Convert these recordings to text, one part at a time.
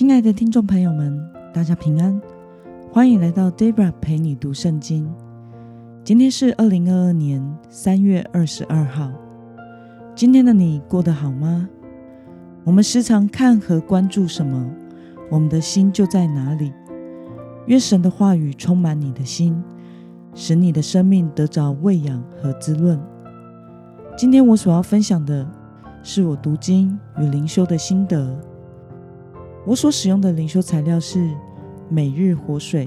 親愛的聽眾朋友們，大家平安，歡迎來到 Debra 陪你讀聖經。今天是二零二二年三月二十二號。今天的你過得好嗎？我們時常看和關注什麼，我們的心就在哪裡。願神的話語充滿你的心，使你的生命得着餵養和滋潤。今天我所要分享的是我讀經與靈修的心得。我所使用的靈修材料是《每日活水》，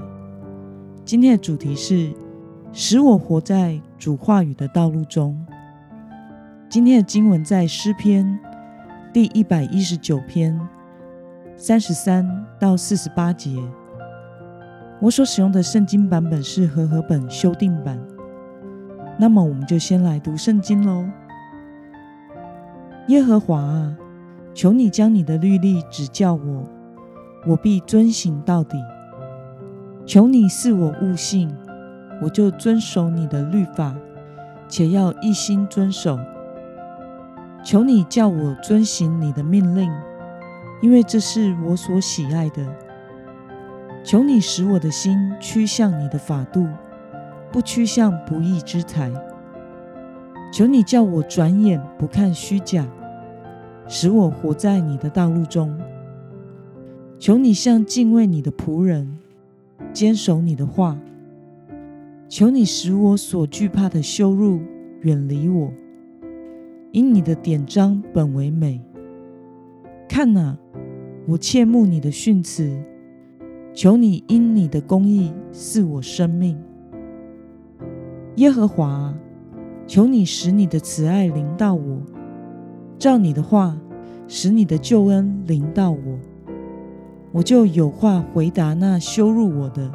今天的主題是“使我活在主話語的道路中”。今天的經文在詩篇第一百一十九篇三十三到四十八節。我所使用的聖經版本是和合本修訂版。那麼，我們就先來讀聖經嘍。耶和華啊，求你將你的律例指教我，我必遵行到底。求你賜我悟性，我就遵守你的律法，且要一心遵守。求你叫我遵行你的命令，因為這是我所喜愛的。求你使我的心趨向你的法度，不趨向不義之財。求你叫我轉眼不看虛假。使我活在你的道路中，求你向敬畏你的僕人，堅守你的話。求你使我所懼怕的羞辱遠離我，因你的典章本為美。看哪、啊，我切慕你的訓詞，求你因你的公義賜我生命。耶和華，求你使你的慈愛臨到我。照你的話，使你的救恩臨到我，我就有話回答那羞辱我的，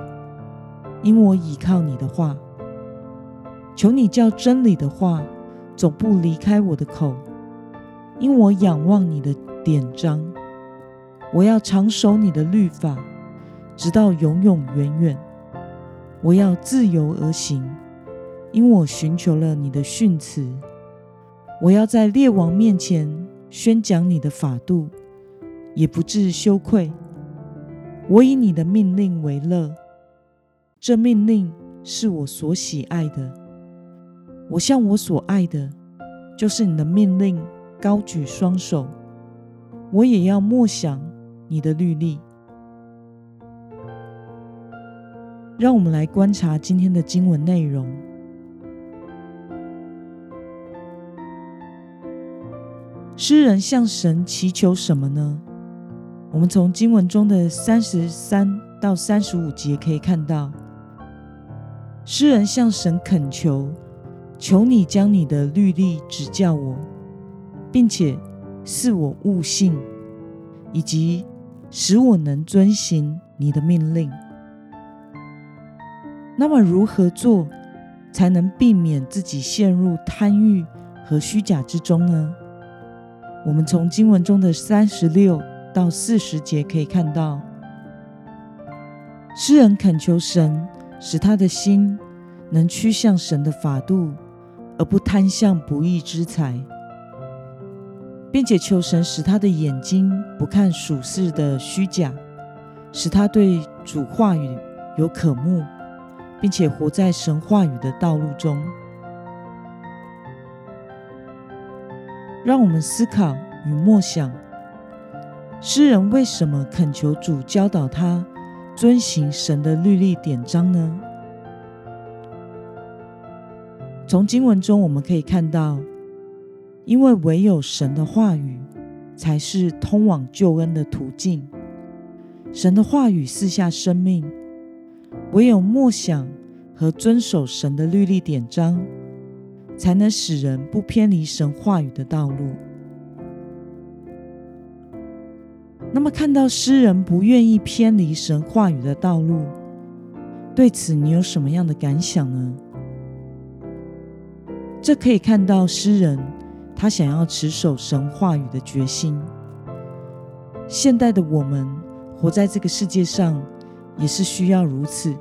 因我倚靠你的話。求你叫真理的話總不離開我的口，因我仰望你的典章。我要常守你的律法，直到永永遠遠。我要自由而行，因我尋求了你的訓詞。我要在列王面前宣講你的法度，也不致羞愧。我以你的命令為樂，這命令是我所喜愛的。我向我所愛的，就是你的命令，高舉雙手。我也要默想你的律例。讓我們來觀察今天的經文內容。詩人向神祈求什麼呢？我們從經文中的三十三到三十五節可以看到，詩人向神懇求：“求你將你的律例指教我，並且賜我悟性，以及使我能遵行你的命令。”那麼，如何做才能避免自己陷入貪慾和虛假之中呢？我們從經文中的三十六到四十節可以看到，詩人懇求神使他的心能趨向神的法度，而不貪向不義之財，並且求神使他的眼睛不看屬世的虛假，使他對主話語有渴慕，並且活在神話語的道路中。讓我們思考與默想：詩人為什麼懇求主教導他遵行神的律例典章呢？從經文中我們可以看到，因為唯有神的話語才是通往救恩的途徑。神的話語賜下生命，唯有默想和遵守神的律例典章。才能使人不偏離神話語的道路。那麼，看到詩人不願意偏離神話語的道路，對此你有什麼樣的感想呢？這可以看到詩人他想要持守神話語的決心。現代的我們活在這個世界上，也是需要如此，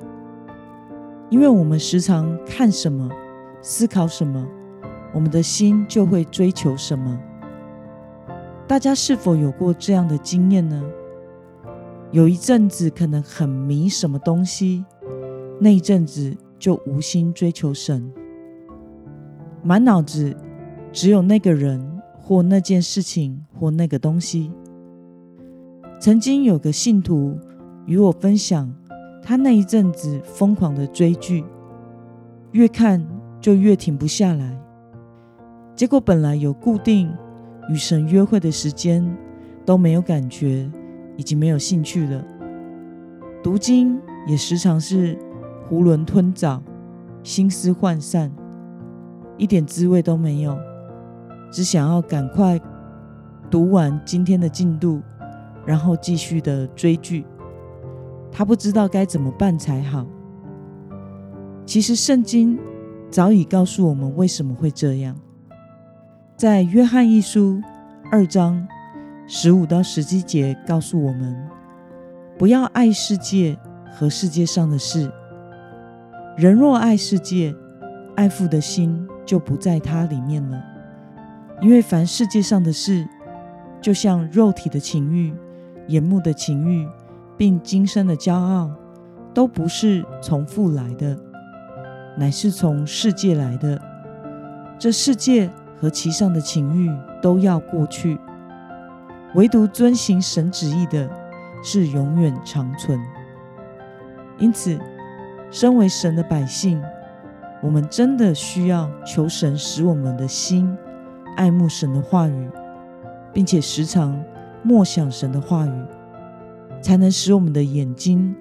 因為我們時常看什麼。思考什麼，我們的心就會追求什麼。大家是否有過這樣的經驗呢？有一陣子可能很迷什麼東西，那一陣子就無心追求神，滿腦子只有那個人或那件事情或那個東西。曾經有個信徒與我分享，他那一陣子瘋狂的追劇，越看。就越停不下來，結果本來有固定與神約會的時間都沒有感覺，已經沒有興趣了。讀經也時常是囫圇吞棗，心思渙散，一點滋味都沒有，只想要趕快讀完今天的進度，然後繼續的追劇。她不知道該怎麼辦才好。其實聖經。早已告訴我們為什麼會這樣。在約翰一書二章十五到十七節告訴我們：不要愛世界和世界上的事。人若愛世界，愛父的心就不在他裡面了。因為凡世界上的事，就像肉體的情欲、眼目的情欲，並今生的驕傲，都不是從父來的。乃是從世界來的，這世界和其上的情慾都要過去，唯獨遵行神旨意的，是永遠長存。因此，身為神的百姓，我們真的需要求神使我們的心愛慕神的話語，並且時常默想神的話語，才能使我們的眼睛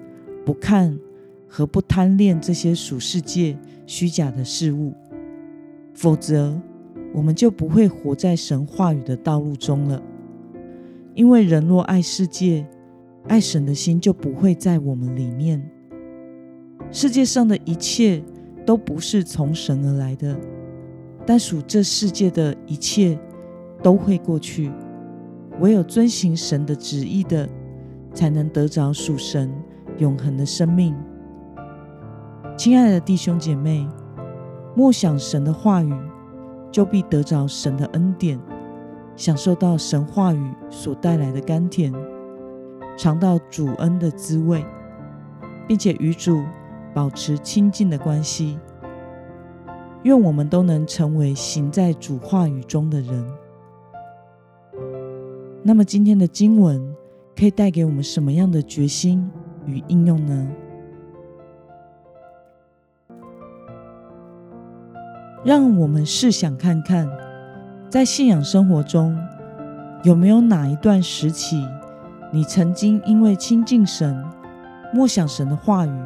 不看。和不貪戀這些屬世界虛假的事物，否則，我們就不會活在神話語的道路中了。因為人若愛世界，愛神的心就不會在我們裡面。世界上的一切都不是從神而來的，但屬這世界的一切都會過去。唯有遵行神的旨意的，才能得着屬神永恆的生命。親愛的弟兄姐妹，默想神的話語，就必得着神的恩典，享受到神話語所帶來的甘甜，嘗到主恩的滋味，並且與主保持親近的關係。願我們都能成為行在主話語中的人。那麼，今天的經文可以帶給我們什麼樣的決心與應用呢？讓我們試想看看，在信仰生活中，有沒有哪一段時期，你曾經因為親近神、默想神的話語，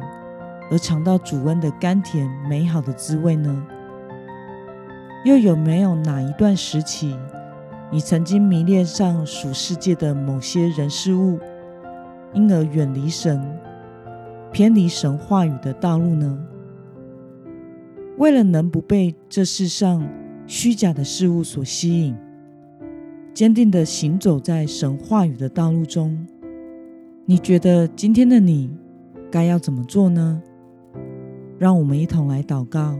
而嘗到主恩的甘甜美好的滋味呢？又有沒有哪一段時期，你曾經迷戀上屬世界的某些人事物，因而遠離神、偏離神話語的道路呢？為了能不被這世上虛假的事物所吸引，堅定的行走在神話語的道路中，你覺得今天的你該要怎麼做呢？讓我們一同來禱告。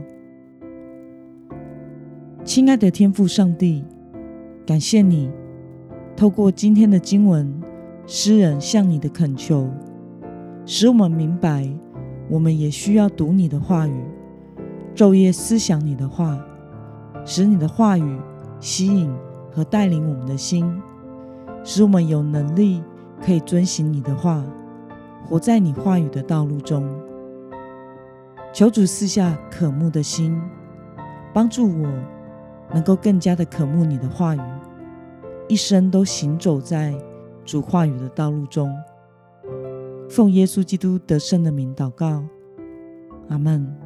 親愛的天父上帝，感謝你透過今天的經文，詩人向你的懇求，使我們明白，我們也需要讀你的話語。晝夜思想你的話，使你的話語吸引和帶領我們的心，使我們有能力可以遵行你的話，活在你話語的道路中。求主賜下渴慕的心，幫助我能夠更加的渴慕你的話語，一生都行走在主話語的道路中。奉耶穌基督得勝的名禱告，阿門。